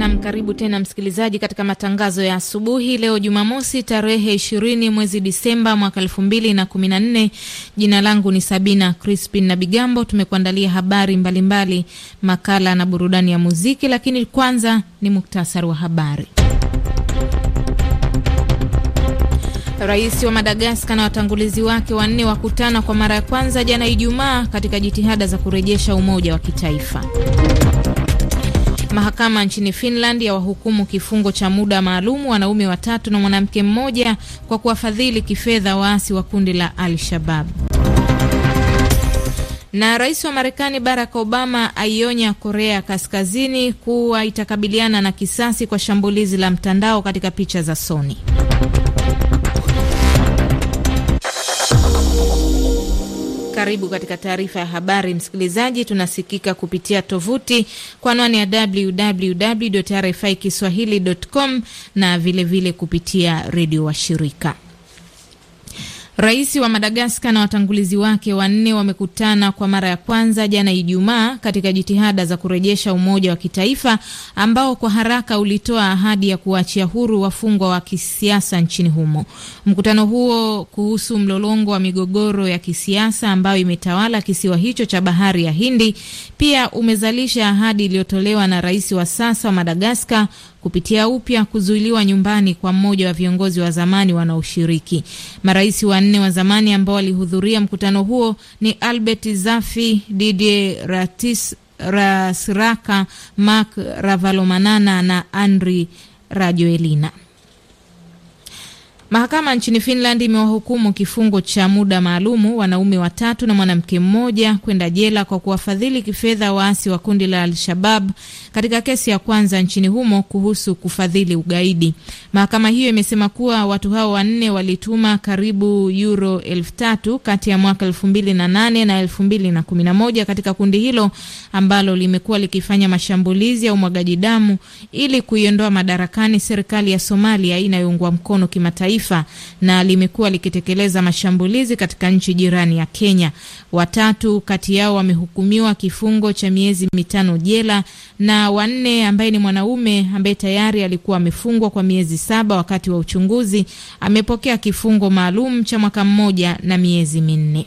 Nam, karibu tena msikilizaji katika matangazo ya asubuhi leo Jumamosi tarehe 20 mwezi Disemba mwaka 2014. Jina langu ni Sabina Crispin na Bigambo. Tumekuandalia habari mbalimbali mbali, makala na burudani ya muziki, lakini kwanza ni muktasari wa habari. Rais wa Madagaskar na watangulizi wake wanne wakutana kwa mara ya kwanza jana Ijumaa katika jitihada za kurejesha umoja wa kitaifa. Mahakama nchini Finland ya wahukumu kifungo cha muda maalumu wanaume watatu na mwanamke mmoja kwa kuwafadhili kifedha waasi wa kundi la Al-Shabab. Na rais wa Marekani Barack Obama aionya Korea Kaskazini kuwa itakabiliana na kisasi kwa shambulizi la mtandao katika picha za Sony. Karibu katika taarifa ya habari, msikilizaji. Tunasikika kupitia tovuti kwa anwani ya www RFI kiswahili.com na vilevile vile kupitia redio washirika. Rais wa Madagaskar na watangulizi wake wanne wamekutana kwa mara ya kwanza jana Ijumaa katika jitihada za kurejesha umoja wa kitaifa ambao kwa haraka ulitoa ahadi ya kuachia huru wafungwa wa kisiasa nchini humo. Mkutano huo kuhusu mlolongo wa migogoro ya kisiasa ambayo imetawala kisiwa hicho cha bahari ya Hindi pia umezalisha ahadi iliyotolewa na rais wa sasa wa Madagaskar kupitia upya kuzuiliwa nyumbani kwa mmoja wa viongozi wa zamani wanaoshiriki. Marais wanne wa zamani ambao walihudhuria mkutano huo ni Albert Zafi, Didier Ratis Rasiraka, mak Ravalomanana na andri Rajoelina. Mahakama nchini Finland imewahukumu kifungo cha muda maalumu wanaume watatu na mwanamke mmoja kwenda jela kwa kuwafadhili kifedha waasi wa kundi la Al-Shabab katika kesi ya kwanza nchini humo kuhusu kufadhili ugaidi. Mahakama hiyo imesema kuwa watu hao wanne walituma karibu euro elfu tatu kati ya mwaka elfu mbili na nane na elfu mbili na kumi na moja katika kundi hilo ambalo limekuwa likifanya mashambulizi ya umwagaji damu ili kuiondoa madarakani serikali ya Somalia inayoungwa mkono kimataifa kimataifa na limekuwa likitekeleza mashambulizi katika nchi jirani ya Kenya. Watatu kati yao wamehukumiwa kifungo cha miezi mitano jela na wanne ambaye ni mwanaume ambaye tayari alikuwa amefungwa kwa miezi saba wakati wa uchunguzi amepokea kifungo maalum cha mwaka mmoja na miezi minne.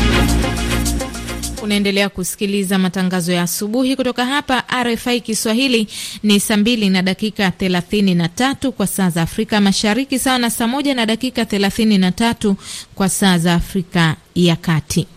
Unaendelea kusikiliza matangazo ya asubuhi kutoka hapa RFI Kiswahili. Ni saa mbili na dakika thelathini na tatu kwa saa za Afrika Mashariki, sawa na saa moja na dakika thelathini na tatu kwa saa za Afrika ya Kati.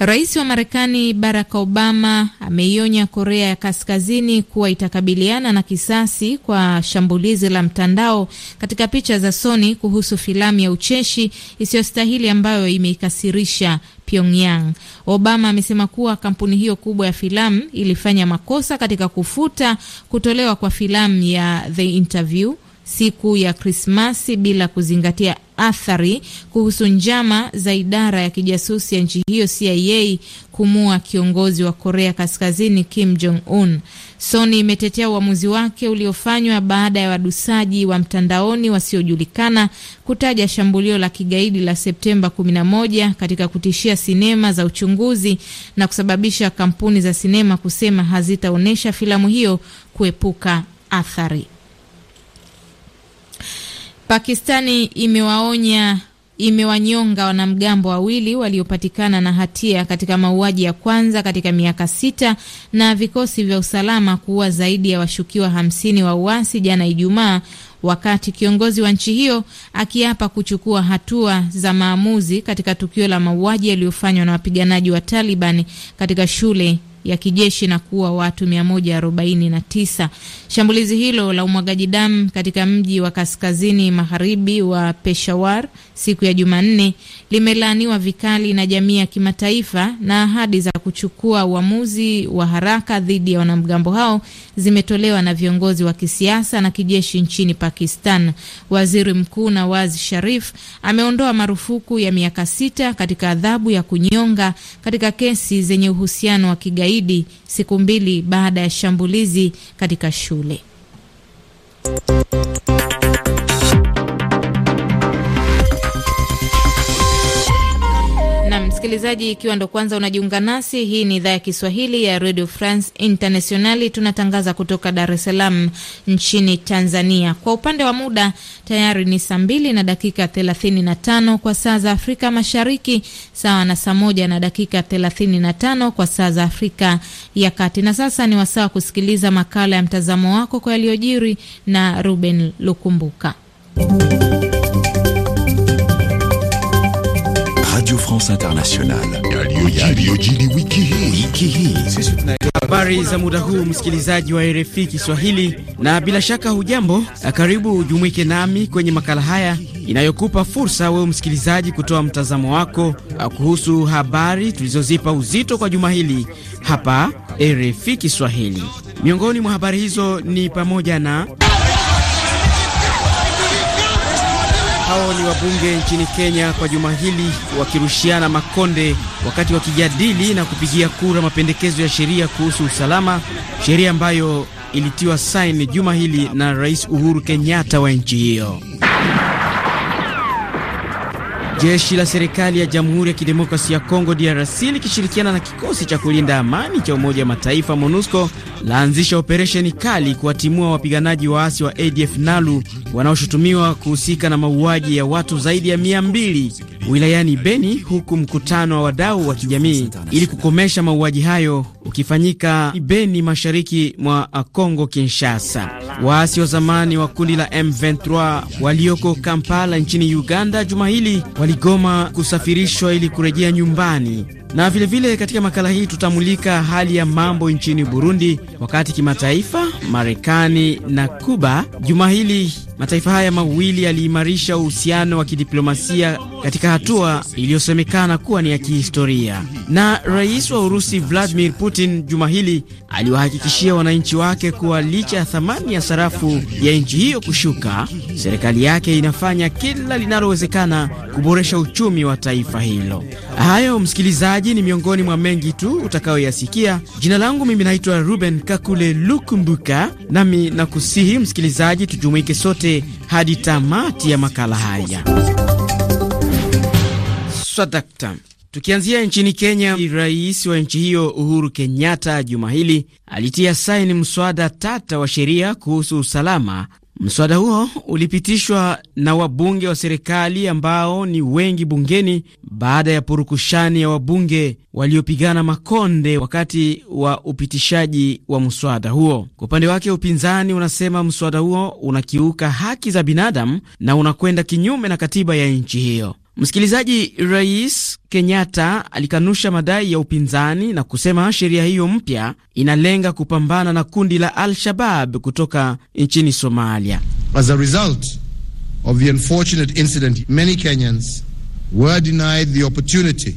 Rais wa Marekani Barack Obama ameionya Korea ya Kaskazini kuwa itakabiliana na kisasi kwa shambulizi la mtandao katika picha za Sony kuhusu filamu ya ucheshi isiyostahili ambayo imeikasirisha Pyongyang. Obama amesema kuwa kampuni hiyo kubwa ya filamu ilifanya makosa katika kufuta kutolewa kwa filamu ya The Interview siku ya Krismasi bila kuzingatia athari kuhusu njama za idara ya kijasusi ya nchi hiyo CIA kumua kiongozi wa Korea Kaskazini Kim Jong Un. Sony imetetea uamuzi wake uliofanywa baada ya wadusaji wa mtandaoni wasiojulikana kutaja shambulio la kigaidi la Septemba 11 katika kutishia sinema za uchunguzi na kusababisha kampuni za sinema kusema hazitaonyesha filamu hiyo kuepuka athari. Pakistani imewaonya imewanyonga wanamgambo wawili waliopatikana na hatia katika mauaji ya kwanza katika miaka sita na vikosi vya usalama kuua zaidi ya washukiwa hamsini wa uasi jana Ijumaa, wakati kiongozi wa nchi hiyo akiapa kuchukua hatua za maamuzi katika tukio la mauaji yaliyofanywa na wapiganaji wa Taliban katika shule ya kijeshi na kuua watu 149. Shambulizi hilo la umwagaji damu katika mji wa kaskazini magharibi wa Peshawar siku ya Jumanne limelaaniwa vikali na jamii ya kimataifa, na ahadi za kuchukua uamuzi wa haraka dhidi ya wanamgambo hao zimetolewa na viongozi wa kisiasa na kijeshi nchini Pakistan. Waziri Mkuu Nawaz Sharif ameondoa marufuku ya miaka sita katika adhabu ya kunyonga katika kesi zenye uhusiano wa kigaidi kigaidi siku mbili baada ya shambulizi katika shule. msikilizaji, ikiwa ndo kwanza unajiunga nasi, hii ni idhaa ya Kiswahili ya Radio France Internationali. Tunatangaza kutoka Dar es Salaam nchini Tanzania. Kwa upande wa muda tayari ni saa mbili na dakika 35 kwa saa za Afrika Mashariki, sawa na saa moja na dakika 35 kwa saa za Afrika ya Kati. Na sasa ni wasaa wa kusikiliza makala ya mtazamo wako kwa yaliyojiri na Ruben Lukumbuka. France Internationale. Habari za muda huu msikilizaji wa RFI Kiswahili, na bila shaka hujambo. Karibu ujumuike nami kwenye makala haya inayokupa fursa wewe msikilizaji kutoa mtazamo wako uh, kuhusu habari tulizozipa uzito kwa juma hili hapa RFI Kiswahili. Miongoni mwa habari hizo ni pamoja na Hao ni wabunge nchini Kenya kwa juma hili wakirushiana makonde wakati wakijadili na kupigia kura mapendekezo ya sheria kuhusu usalama, sheria ambayo ilitiwa saini juma hili na Rais Uhuru Kenyatta wa nchi hiyo. Jeshi la serikali ya Jamhuri ya Kidemokrasia ya Kongo DRC likishirikiana na kikosi cha kulinda amani cha Umoja wa Mataifa MONUSCO laanzisha operesheni kali kuwatimua wapiganaji waasi wa ADF Nalu wanaoshutumiwa kuhusika na mauaji ya watu zaidi ya mia mbili wilayani Beni, huku mkutano wa wadau wa kijamii ili kukomesha mauaji hayo ukifanyika Beni, mashariki mwa Kongo Kinshasa. Waasi wa zamani wa kundi la M23 walioko Kampala nchini Uganda juma hili waligoma kusafirishwa ili kurejea nyumbani na vilevile vile katika makala hii tutamulika hali ya mambo nchini Burundi, wakati kimataifa Marekani na Kuba juma hili mataifa haya mawili yaliimarisha uhusiano wa kidiplomasia katika hatua iliyosemekana kuwa ni ya kihistoria. Na rais wa Urusi Vladimir Putin juma hili aliwahakikishia wananchi wake kuwa licha ya thamani ya sarafu ya nchi hiyo kushuka, serikali yake inafanya kila linalowezekana kuboresha uchumi wa taifa hilo. Hayo msikilizaji msikilizaji, ni miongoni mwa mengi tu utakayoyasikia. Jina langu mimi naitwa Ruben Kakule Lukumbuka, nami nakusihi msikilizaji, tujumuike sote hadi tamati ya makala haya. Swadakta. Tukianzia nchini Kenya, rais wa nchi hiyo Uhuru Kenyatta juma hili alitia saini mswada tata wa sheria kuhusu usalama Mswada huo ulipitishwa na wabunge wa serikali ambao ni wengi bungeni baada ya purukushani ya wabunge waliopigana makonde wakati wa upitishaji wa mswada huo. Kwa upande wake, upinzani unasema mswada huo unakiuka haki za binadamu na unakwenda kinyume na katiba ya nchi hiyo. Msikilizaji, Rais Kenyatta alikanusha madai ya upinzani na kusema sheria hiyo mpya inalenga kupambana na kundi la Al-Shabab kutoka nchini Somalia. As a result of the unfortunate incident, many Kenyans were denied the opportunity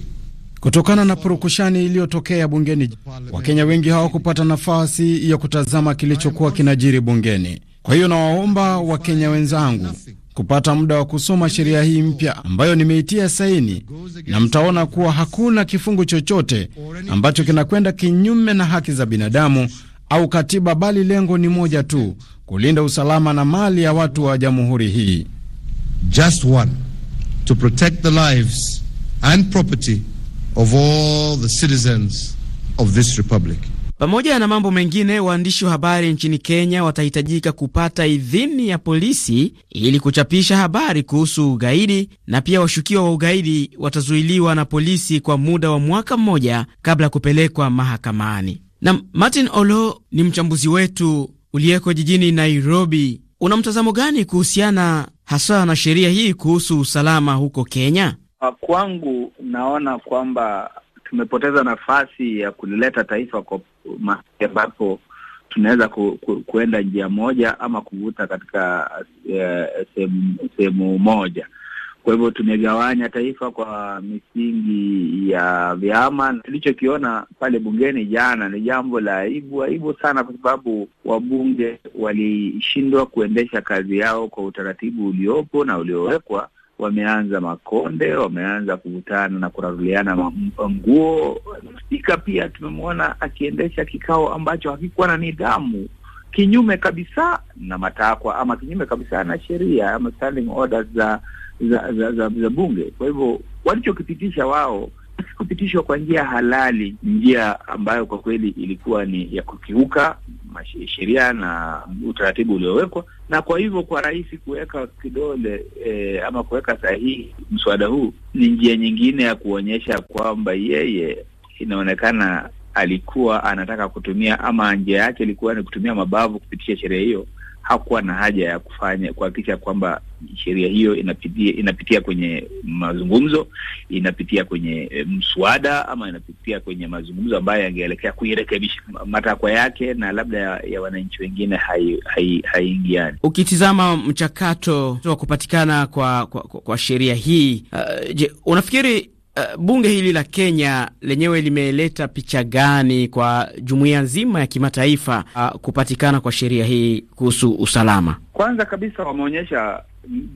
Kutokana na purukushani iliyotokea bungeni, Wakenya wengi hawakupata nafasi ya kutazama kilichokuwa kinajiri bungeni. Kwa hiyo nawaomba Wakenya wenzangu kupata muda wa kusoma sheria hii mpya ambayo nimeitia saini, na mtaona kuwa hakuna kifungu chochote ambacho kinakwenda kinyume na haki za binadamu au katiba, bali lengo ni moja tu, kulinda usalama na mali ya watu wa jamhuri hii. Just one, to protect the lives and property of all the citizens of this republic. Pamoja na mambo mengine, waandishi wa habari nchini Kenya watahitajika kupata idhini ya polisi ili kuchapisha habari kuhusu ugaidi, na pia washukiwa wa ugaidi watazuiliwa na polisi kwa muda wa mwaka mmoja kabla ya kupelekwa mahakamani. Na Martin Olo ni mchambuzi wetu uliyeko jijini Nairobi. Una mtazamo gani kuhusiana haswa na sheria hii kuhusu usalama huko Kenya? Kwangu naona kwamba tumepoteza nafasi ya kulileta taifa kwa mahali ambapo tunaweza ku, ku, kuenda njia moja ama kuvuta katika eh, sehemu moja. Kwa hivyo tumegawanya taifa kwa misingi ya vyama. Tulichokiona pale bungeni jana ni jambo la aibu, aibu sana, kwa sababu wabunge walishindwa kuendesha kazi yao kwa utaratibu uliopo na uliowekwa wameanza makonde, wameanza kuvutana na kuraruliana nguo. Spika pia tumemwona akiendesha kikao ambacho hakikuwa na nidhamu, kinyume kabisa na matakwa ama kinyume kabisa na sheria ama standing orders za za, za, za, za bunge. Kwa hivyo walichokipitisha wao kupitishwa kwa njia halali, njia ambayo kwa kweli ilikuwa ni ya kukiuka sheria na utaratibu uliowekwa, na kwa hivyo kwa rais kuweka kidole e, ama kuweka sahihi mswada huu ni njia nyingine ya kuonyesha kwamba yeye inaonekana alikuwa anataka kutumia ama njia yake ilikuwa ni kutumia mabavu kupitisha sheria hiyo. Hakuwa na haja ya kufanya kuhakikisha kwamba sheria hiyo inapitia, inapitia kwenye mazungumzo, inapitia kwenye eh, mswada ama inapitia kwenye mazungumzo ambayo yangeelekea kuirekebisha matakwa yake na labda ya, ya wananchi wengine haiingiani hai, hai. Ukitizama mchakato wa kupatikana kwa, kwa, kwa, kwa sheria hii uh, je, unafikiri Uh, bunge hili la Kenya lenyewe limeleta picha gani kwa jumuiya nzima ya kimataifa uh, kupatikana kwa sheria hii kuhusu usalama? Kwanza kabisa wameonyesha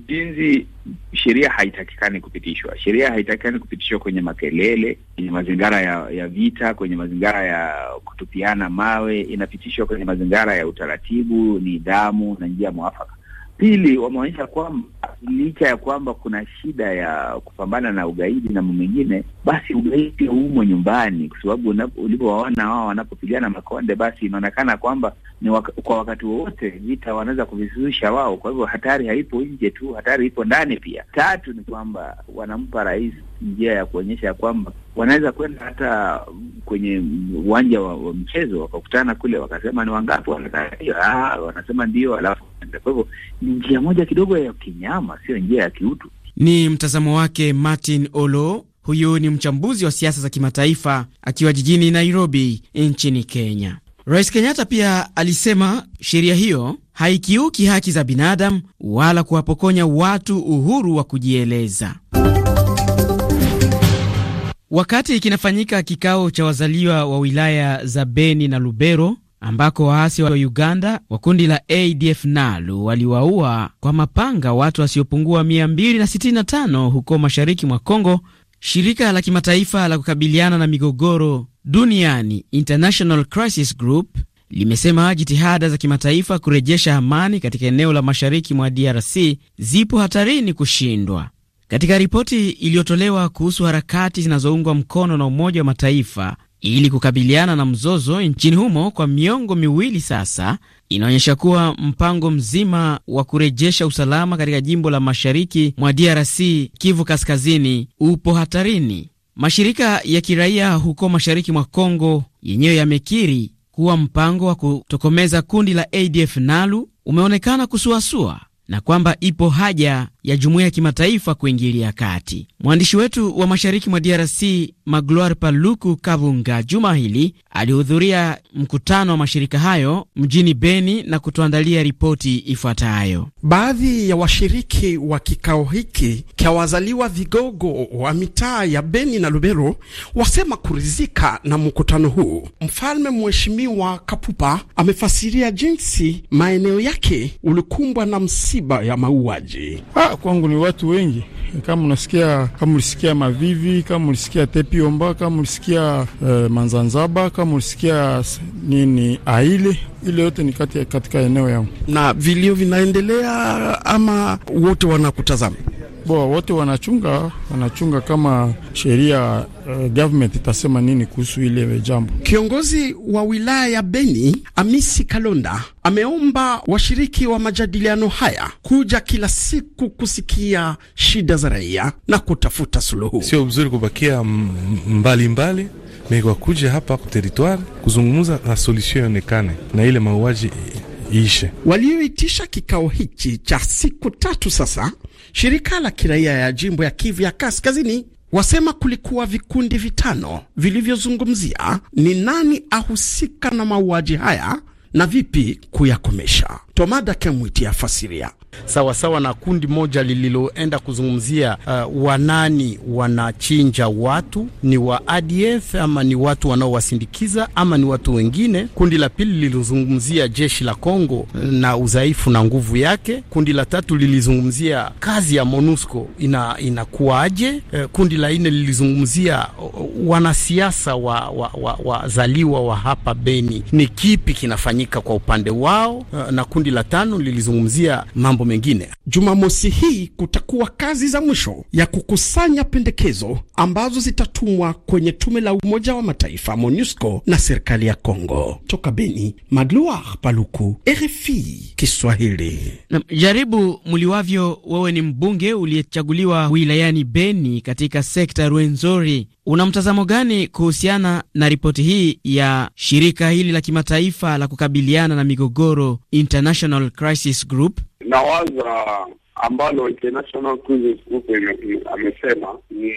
jinsi sheria haitakikani kupitishwa. Sheria haitakikani kupitishwa kwenye makelele, kwenye mazingira ya, ya vita, kwenye mazingira ya kutupiana mawe. Inapitishwa kwenye mazingira ya utaratibu, nidhamu na njia mwafaka. Pili, wameonyesha kwamba licha ya kwamba kuna shida ya kupambana na ugaidi na mwingine, basi ugaidi humo nyumbani, kwa sababu ulipowaona wao wanapopigana makonde, basi inaonekana kwamba ni waka, kwa wakati wowote vita wanaweza kuvisusha wao. Kwa hivyo hatari haipo nje tu, hatari ipo ndani pia. Tatu ni kwamba wanampa rais njia ya kuonyesha ya kwamba wanaweza kwenda hata kwenye uwanja wa, wa mchezo wakakutana kule, wakasema ni wangapi wanatarajia ah, wanasema ndio, alafu kwa hivyo ni njia moja kidogo ya kinyama, sio njia ya kiutu. Ni mtazamo wake Martin Olo. Huyu ni mchambuzi wa siasa za kimataifa akiwa jijini Nairobi nchini Kenya. Rais Kenyatta pia alisema sheria hiyo haikiuki haki za binadamu wala kuwapokonya watu uhuru wa kujieleza. Wakati kinafanyika kikao cha wazaliwa wa wilaya za Beni na Lubero ambako waasi wa Uganda wa kundi la ADF NALU waliwaua kwa mapanga watu wasiopungua 265 huko mashariki mwa congo shirika la kimataifa la kukabiliana na migogoro duniani International Crisis Group limesema jitihada za kimataifa kurejesha amani katika eneo la mashariki mwa DRC zipo hatarini kushindwa. Katika ripoti iliyotolewa kuhusu harakati zinazoungwa mkono na Umoja wa Mataifa ili kukabiliana na mzozo nchini humo kwa miongo miwili sasa, inaonyesha kuwa mpango mzima wa kurejesha usalama katika jimbo la mashariki mwa DRC, Kivu Kaskazini, upo hatarini. Mashirika ya kiraia huko mashariki mwa Kongo yenyewe yamekiri kuwa mpango wa kutokomeza kundi la ADF NALU umeonekana kusuasua na kwamba ipo haja ya jumuiya ya kimataifa kuingilia kati. Mwandishi wetu wa mashariki mwa DRC Magloire Paluku Kavunga juma hili alihudhuria mkutano wa mashirika hayo mjini Beni na kutuandalia ripoti ifuatayo. Baadhi ya washiriki wa kikao hiki kya wazaliwa vigogo wa mitaa ya Beni na Lubero wasema kuridhika na mkutano huu. Mfalme Mheshimiwa Kapupa amefasiria jinsi maeneo yake ulikumbwa na msi misiba ya mauaji? Ah, kwangu ni watu wengi kama unasikia kama ulisikia Mavivi, kama ulisikia Tepiomba, kama ulisikia uh, Manzanzaba, kama ulisikia nini Aile, ile yote ni katika eneo yangu, na vilio vinaendelea ama wote wanakutazama Bo wote wanachunga wanachunga kama sheria uh, government itasema nini kuhusu ile jambo. Kiongozi wa wilaya ya Beni Amisi Kalonda ameomba washiriki wa majadiliano haya kuja kila siku kusikia shida za raia na kutafuta suluhu. Sio mzuri kubakia mbali mbali me kuja hapa ku territoire kuzungumza na solution ionekane na ile mauaji iishe. Walioitisha kikao hichi cha siku tatu sasa Shirika la kiraia ya jimbo ya Kivu ya Kaskazini wasema kulikuwa vikundi vitano vilivyozungumzia ni nani ahusika na mauaji haya na vipi kuyakomesha. Tomada Kemwiti afasiria sawasawa na kundi moja lililoenda kuzungumzia uh, wanani wanachinja watu, ni wa ADF ama ni watu wanaowasindikiza ama ni watu wengine. Kundi la pili lilizungumzia jeshi la Kongo uh, na udhaifu na nguvu yake. Kundi la tatu lilizungumzia kazi ya MONUSCO ina inakuwaje. Uh, kundi la nne lilizungumzia uh, wanasiasa wazaliwa wa, wa, wa, wa hapa Beni, ni kipi kinafanyika kwa upande wao. Uh, na kundi kundi la tano lilizungumzia mambo mengine. Jumamosi hii kutakuwa kazi za mwisho ya kukusanya pendekezo ambazo zitatumwa kwenye tume la Umoja wa Mataifa MONUSCO na serikali ya Kongo. Toka Beni, Magloire Paluku, RFI Kiswahili. Na jaribu mliwavyo, wewe ni mbunge uliyechaguliwa wilayani Beni katika sekta Rwenzori. Una mtazamo gani kuhusiana na ripoti hii ya shirika hili la kimataifa la kukabiliana na migogoro International Crisis Group? Nawaza ambalo International Crisis Group amesema ni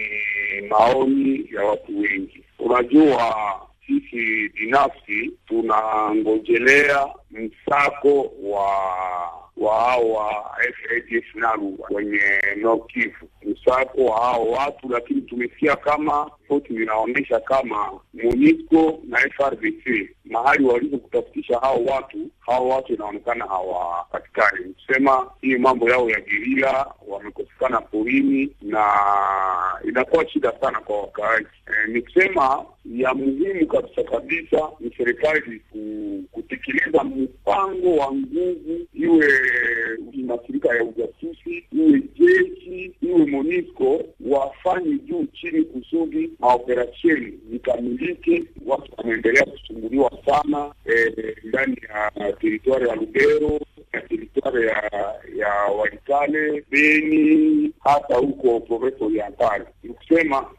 maoni ya watu wengi. Unajua, sisi binafsi tunangojelea msako wa wa hawa FADF nalu kwenye Nord Kivu msako wa hao watu, lakini tumesikia kama ripoti zinaonyesha kama MONUSCO na FRDC mahali walizokutafutisha hao watu, hao watu inaonekana hawapatikani. Kusema hii mambo yao ya gerila, wamekosekana porini na inakuwa shida sana kwa wakaaji. E, ni kusema ya muhimu kabisa kabisa ni serikali kutekeleza mpango wa nguvu, iwe mashirika ya ujasusi, iwe jeshi, iwe MONUSCO, wafanye juu chini kusudi maoperasheni zikamilike. Watu wanaendelea kusumbuliwa sana eh, ndani e, ya teritwari ya Lubero na teritwari ya ya Walikale, Beni, hata huko province orientale. Ni kusema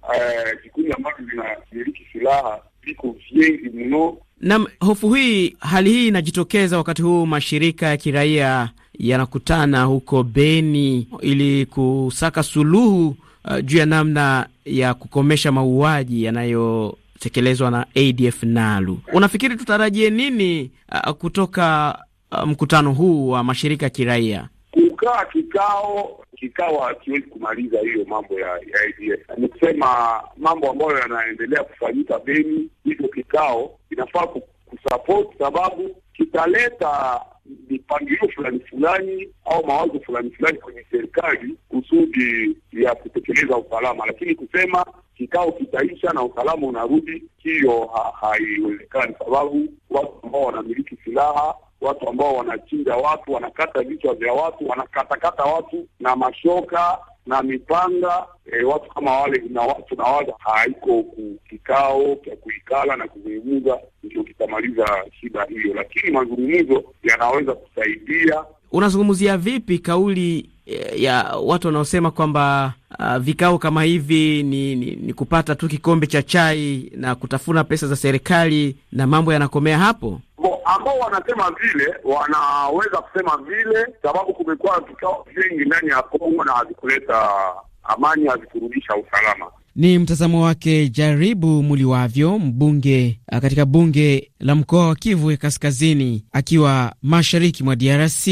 vikundi eh, ambavyo vinamiliki silaha viko vyengi mno. Nam, hofu hii, hali hii inajitokeza wakati huu mashirika ya kiraia yanakutana huko Beni ili kusaka suluhu uh, juu ya namna ya kukomesha mauaji yanayotekelezwa na ADF NALU. Unafikiri tutarajie nini uh, kutoka uh, mkutano huu wa mashirika ya kiraia? kukawa kikao, kikao hakiwezi kumaliza hiyo mambo ya, ADF. Ni kusema mambo ambayo yanaendelea kufanyika Beni, hivyo kikao inafaa kusapoti, sababu kitaleta mipangilio fulani fulani au mawazo fulani fulani kwenye serikali kusudi ya kutekeleza usalama, lakini kusema kikao kitaisha na usalama unarudi, hiyo haiwezekani, sababu watu ambao wanamiliki silaha watu ambao wanachinja watu, wanakata vichwa vya watu, wanakatakata watu na mashoka na mipanga e, watu kama wale na watu na haiko kikao cha kuikala na kuzungumza ndio kitamaliza shida hiyo, lakini mazungumzo yanaweza kusaidia. Unazungumzia vipi kauli e, ya watu wanaosema kwamba uh, vikao kama hivi ni, ni, ni kupata tu kikombe cha chai na kutafuna pesa za serikali na mambo yanakomea hapo? ambao wanasema vile wanaweza kusema vile, sababu kumekuwa vikao vingi ndani ya Kongo na havikuleta amani, havikurudisha usalama. Ni mtazamo wake Jaribu Muliwavyo, mbunge eh, katika bunge la mkoa wa Kivu ya Kaskazini, akiwa mashariki mwa DRC.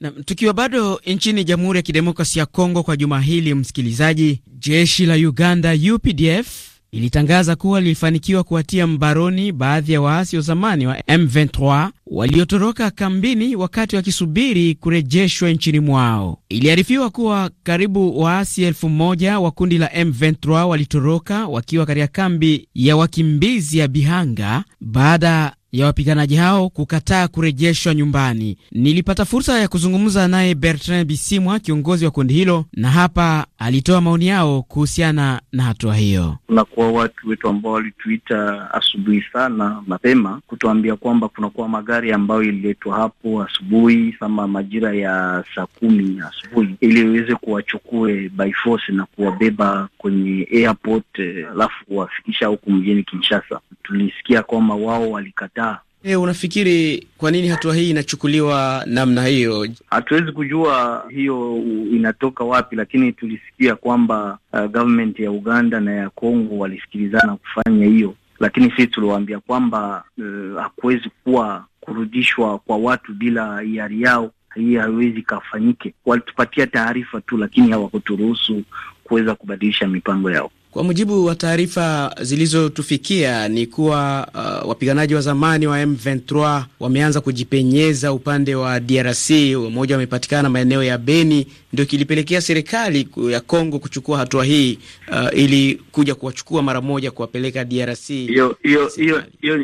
Na tukiwa bado nchini Jamhuri ya Kidemokrasi ya Kongo, kwa juma hili msikilizaji, jeshi la Uganda UPDF ilitangaza kuwa lilifanikiwa kuwatia mbaroni baadhi ya waasi wa zamani wa M23 waliotoroka kambini wakati wakisubiri kurejeshwa nchini mwao. Iliarifiwa kuwa karibu waasi elfu moja wa kundi la M23 walitoroka wakiwa katika kambi ya wakimbizi ya Bihanga baada ya wapiganaji hao kukataa kurejeshwa nyumbani. Nilipata fursa ya kuzungumza naye Bertrand Bisimwa, kiongozi wa kundi hilo, na hapa alitoa maoni yao kuhusiana na hatua hiyo. Kunakuwa watu wetu ambao walituita asubuhi sana mapema kutuambia kwamba kunakuwa magari ambayo ililetwa hapo asubuhi sama majira ya saa kumi asubuhi ili iweze kuwachukue by force na kuwabeba kwenye airport, eh, alafu kuwafikisha huku mjini Kinshasa. Tulisikia kwamba wao walikataa E, unafikiri kwa nini hatua hii inachukuliwa namna hiyo? Hatuwezi kujua hiyo inatoka wapi, lakini tulisikia kwamba uh, government ya Uganda na ya Kongo walisikilizana kufanya hiyo, lakini sisi tuliwaambia kwamba uh, hakuwezi kuwa kurudishwa kwa watu bila hiari yao, hii haiwezi kafanyike. Walitupatia taarifa tu, lakini hawakuturuhusu kuweza kubadilisha mipango yao. Kwa mujibu wa taarifa zilizotufikia ni kuwa uh, wapiganaji wa zamani wa M23 wameanza kujipenyeza upande wa DRC. Mmoja wamepatikana maeneo ya Beni, ndio kilipelekea serikali ya Kongo kuchukua hatua hii uh, ili kuja kuwachukua mara moja kuwapeleka DRC.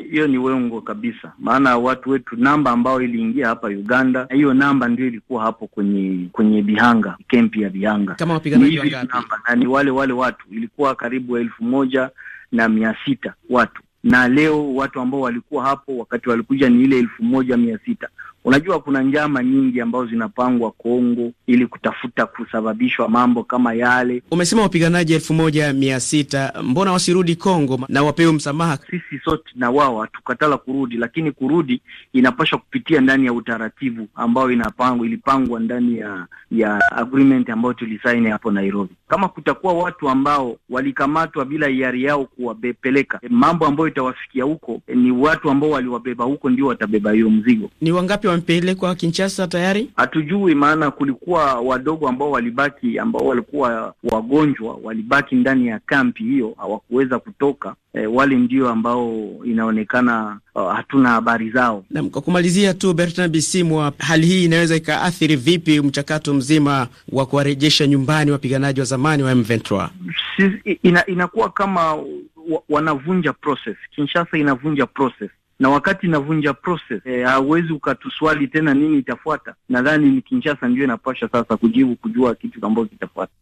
Hiyo ni wengo kabisa, maana watu wetu, namba ambayo iliingia hapa Uganda, hiyo namba ndio ilikuwa hapo kwenye kwenye Bihanga, kempi ya Bihanga, kama wapiganaji wangapi, na ni wale wale watu ilikuwa karibu elfu moja na mia sita watu na leo watu ambao walikuwa hapo wakati walikuja ni ile elfu moja mia sita. Unajua, kuna njama nyingi ambazo zinapangwa Kongo ili kutafuta kusababishwa mambo kama yale. Umesema wapiganaji elfu moja mia sita mbona wasirudi Kongo na wapewe msamaha? Sisi sote na wao hatukatala kurudi, lakini kurudi inapaswa kupitia ndani ya utaratibu ambao inapangwa, ilipangwa ndani ya ya agreement ambayo tulisaini hapo Nairobi. Kama kutakuwa watu ambao walikamatwa bila hiari yao kuwabepeleka, mambo ambayo itawafikia huko eh, ni watu ambao waliwabeba huko ndio watabeba hiyo mzigo. Ni wangapi wa wampelekwa Kinshasa tayari? Hatujui, maana kulikuwa wadogo ambao walibaki, ambao walikuwa wagonjwa, walibaki ndani ya kampi hiyo, hawakuweza kutoka. E, wale ndio ambao inaonekana uh, hatuna habari zao. Nam, kwa kumalizia tu, Bertrand Bisimwa, hali hii inaweza ikaathiri vipi mchakato mzima wa kuwarejesha nyumbani wapiganaji wa zamani wa M23? Si, ina, inakuwa kama wanavunja process. Kinshasa inavunja process na wakati inavunja process eh, hauwezi e, ukatuswali tena nini itafuata. Nadhani ni Kinshasa ndio inapasha sasa kujibu, kujua kitu ambacho kitafuata.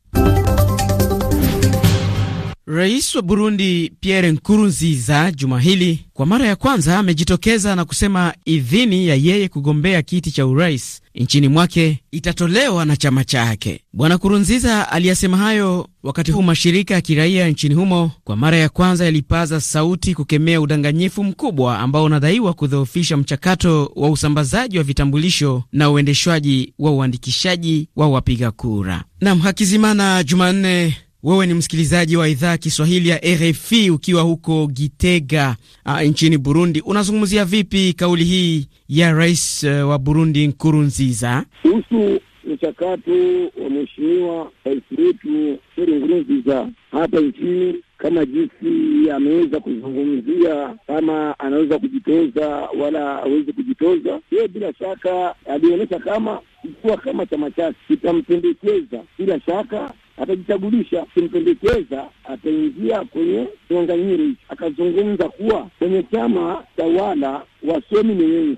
Rais wa Burundi Pierre Nkurunziza juma hili kwa mara ya kwanza amejitokeza na kusema idhini ya yeye kugombea kiti cha urais nchini mwake itatolewa na chama chake. Bwana Kurunziza aliyasema hayo wakati huu mashirika ya kiraia nchini humo kwa mara ya kwanza yalipaza sauti kukemea udanganyifu mkubwa ambao unadaiwa kudhoofisha mchakato wa usambazaji wa vitambulisho na uendeshwaji wa uandikishaji wa wapiga kura. Nam Hakizimana Jumanne wewe ni msikilizaji wa idhaa Kiswahili ya RFI ukiwa huko Gitega nchini Burundi, unazungumzia vipi kauli hii ya rais e, wa Burundi Nkurunziza kuhusu mchakato wa mheshimiwa rais wetu Pierre Nkurunziza hapa nchini kama jinsi ameweza kuzungumzia kama anaweza kujitoza wala aweze kujitoza. Yeye bila shaka alionyesha kama ikiwa kama chama chake kitampendekeza, bila shaka atajichagulisha, kimpendekeza ataingia kwenye kinyang'anyiro hicho. Akazungumza kuwa kwenye chama tawala wasomi ni wengi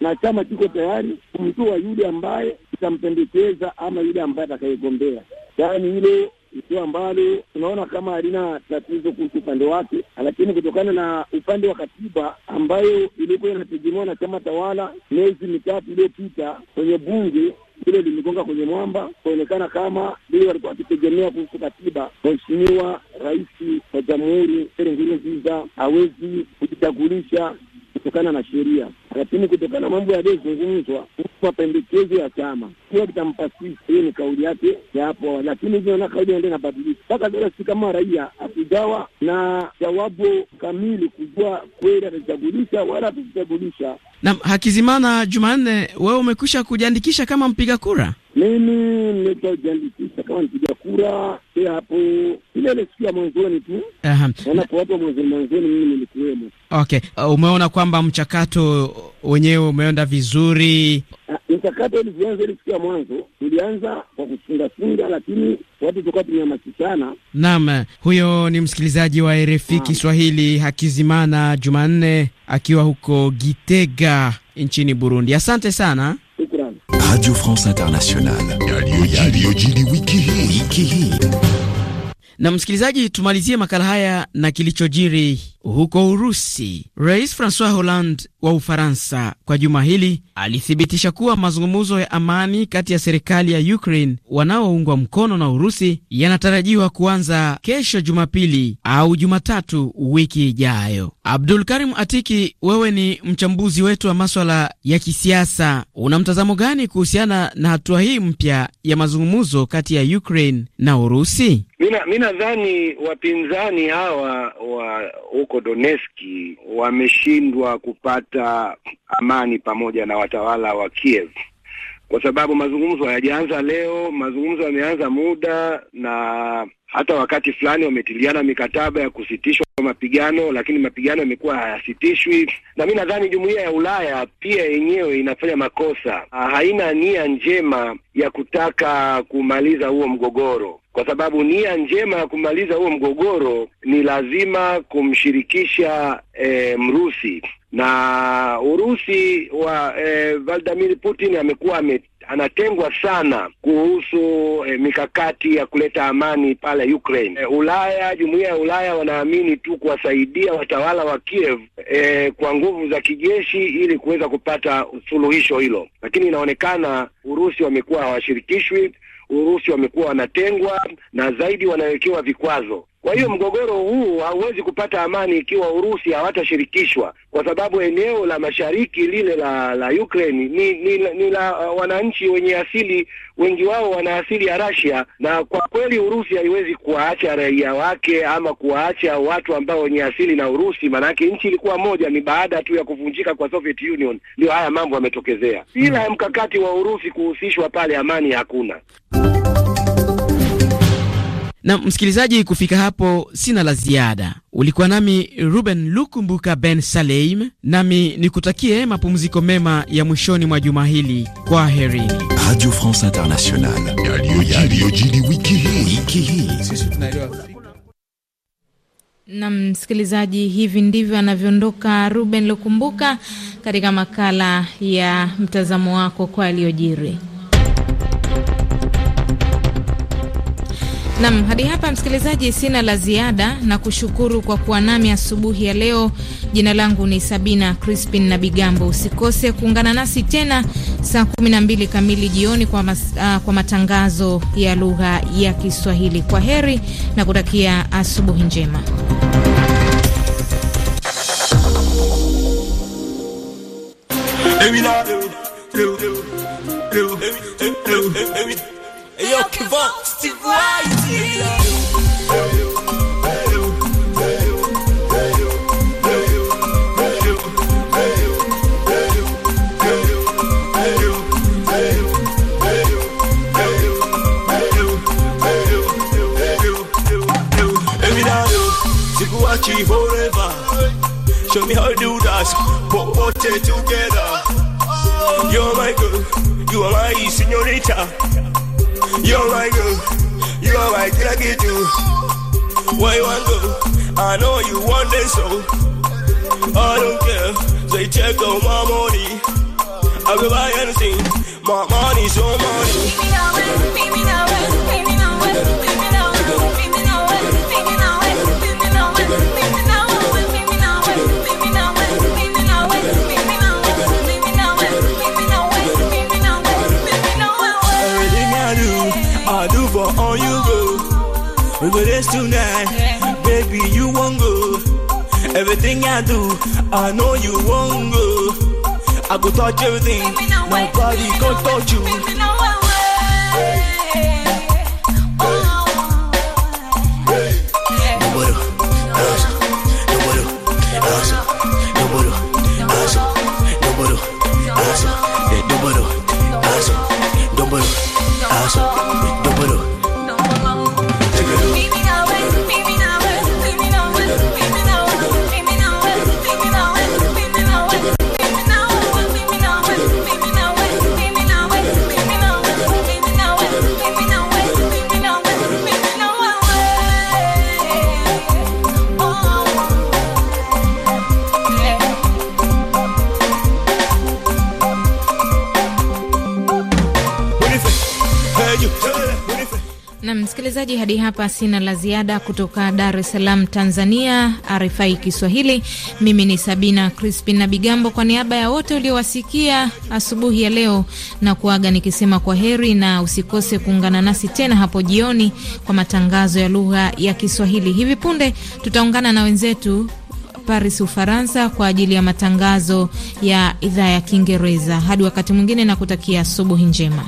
na chama kiko tayari kumtoa yule ambaye itampendekeza ama yule ambaye atakayegombea, yaani hilo ikiwa ambalo tunaona kama halina tatizo kuhusu upande wake, lakini kutokana na upande wa katiba ambayo ilikuwa inategemewa na chama tawala miezi mitatu iliyopita kwenye bunge lile limegonga kwenye mwamba, kuonekana kama lile walikuwa wakitegemea kuhusu katiba. Mheshimiwa Rais wa Jamhuri Pierre Nkurunziza hawezi kujichagulisha kutokana na sheria, lakini kutokana na mambo yaliyozungumzwa kwa pendekezo ya chama kiwa kitampa sisi. Hiyo ni kauli yake ya hapo awali, lakini hivyo na kauli inaendelea inabadilika mpaka sasa. Si kama raia hatujawa na jawabu kamili kujua kweli atachagulisha wala atachagulisha. Na Hakizimana Jumanne, wewe umekwisha kujiandikisha kama mpiga kura? Mimi nimejiandikisha walipiga kura pia hapo ile ile siku ya mwanzoni tu wanapo watu wa mwanzoni mwanzoni, mimi nilikuwemo. Okay, uh, umeona kwamba mchakato wenyewe umeenda vizuri? Ah, mchakato ulivyoanza ile siku ya mwanzo, tulianza kwa kusungasunga, lakini watu tulikuwa tumehamasishana. Naam, huyo ni msikilizaji wa RFI Kiswahili Hakizimana Jumanne akiwa huko Gitega nchini Burundi. Asante sana. Radio France Internationale. wiki hii. Na msikilizaji, tumalizie makala haya na kilichojiri huko Urusi. Rais Francois Hollande wa Ufaransa kwa juma hili alithibitisha kuwa mazungumzo ya amani kati ya serikali ya Ukraine wanaoungwa mkono na Urusi yanatarajiwa kuanza kesho Jumapili au Jumatatu wiki ijayo. Abdul Karim Atiki, wewe ni mchambuzi wetu wa maswala ya kisiasa, una mtazamo gani kuhusiana na hatua hii mpya ya mazungumzo kati ya Ukraine na Urusi? Mi nadhani wapinzani hawa wa huko huko Doneski wameshindwa kupata amani pamoja na watawala wa Kiev kwa sababu mazungumzo hayajaanza leo. Mazungumzo yameanza muda, na hata wakati fulani wametiliana mikataba ya kusitishwa mapigano, lakini mapigano yamekuwa hayasitishwi. Na mi nadhani jumuiya ya Ulaya pia yenyewe inafanya makosa, haina nia njema ya kutaka kumaliza huo mgogoro kwa sababu nia njema ya kumaliza huo mgogoro ni lazima kumshirikisha e, Mrusi na Urusi wa e, Vladimir Putin amekuwa anatengwa sana kuhusu e, mikakati ya kuleta amani pale Ukraine. E, Ulaya, jumuiya ya Ulaya wanaamini tu kuwasaidia watawala wa Kiev e, kwa nguvu za kijeshi ili kuweza kupata suluhisho hilo, lakini inaonekana Urusi wamekuwa hawashirikishwi Urusi wamekuwa wanatengwa na zaidi wanawekewa vikwazo. Kwa hiyo mgogoro huu hauwezi kupata amani ikiwa Urusi hawatashirikishwa, kwa sababu eneo la mashariki lile la la Ukraine ni, ni, ni la uh, wananchi wenye asili, wengi wao wana asili ya Russia, na kwa kweli Urusi haiwezi kuwaacha raia wake ama kuwaacha watu ambao wenye asili na Urusi, maanake nchi ilikuwa moja. Ni baada tu ya kuvunjika kwa Soviet Union ndio haya mambo yametokezea. Bila hmm. mkakati wa Urusi kuhusishwa pale, amani hakuna. Na msikilizaji, kufika hapo sina la ziada. Ulikuwa nami Ruben Lukumbuka Ben Saleim, nami nikutakie mapumziko mema ya mwishoni mwa juma hili. Kwa heri. Radio France Internationale. Yaliyojiri wiki hii. Na msikilizaji, hivi ndivyo anavyoondoka Ruben Lukumbuka katika makala ya mtazamo wako kwa yaliyojiri. Nam, hadi hapa msikilizaji, sina la ziada na kushukuru kwa kuwa nami asubuhi ya leo. Jina langu ni Sabina Crispin na Bigambo. Usikose kuungana nasi tena saa 12 kamili jioni kwa, mas, uh, kwa matangazo ya lugha ya Kiswahili. Kwa heri na kutakia asubuhi njema. Et yo, que vent, tu vois Forever, show me how to do that. Put water together. You're my girl, you are my senorita. You're my girl, you're my cracking too. Why you want to? go? I know you want this so. I don't care, they check out my money. I will buy anything, my money's your money. Give me the rest, give me the rest, give me the rest, give me the rest. place tonight. Baby, you won't go. Everything I do, I know you won't go. I go touch everything. Nobody can touch you. Na msikilizaji, hadi hapa sina la ziada kutoka Dar es Salaam, Tanzania. RFI Kiswahili, mimi ni Sabina Crispin na Bigambo, kwa niaba ya wote uliowasikia asubuhi ya leo na kuaga nikisema kwa heri, na usikose kuungana nasi tena hapo jioni kwa matangazo ya lugha ya Kiswahili. Hivi punde tutaungana na wenzetu Paris, Ufaransa, kwa ajili ya matangazo ya idhaa ya Kiingereza. Hadi wakati mwingine, na kutakia asubuhi njema.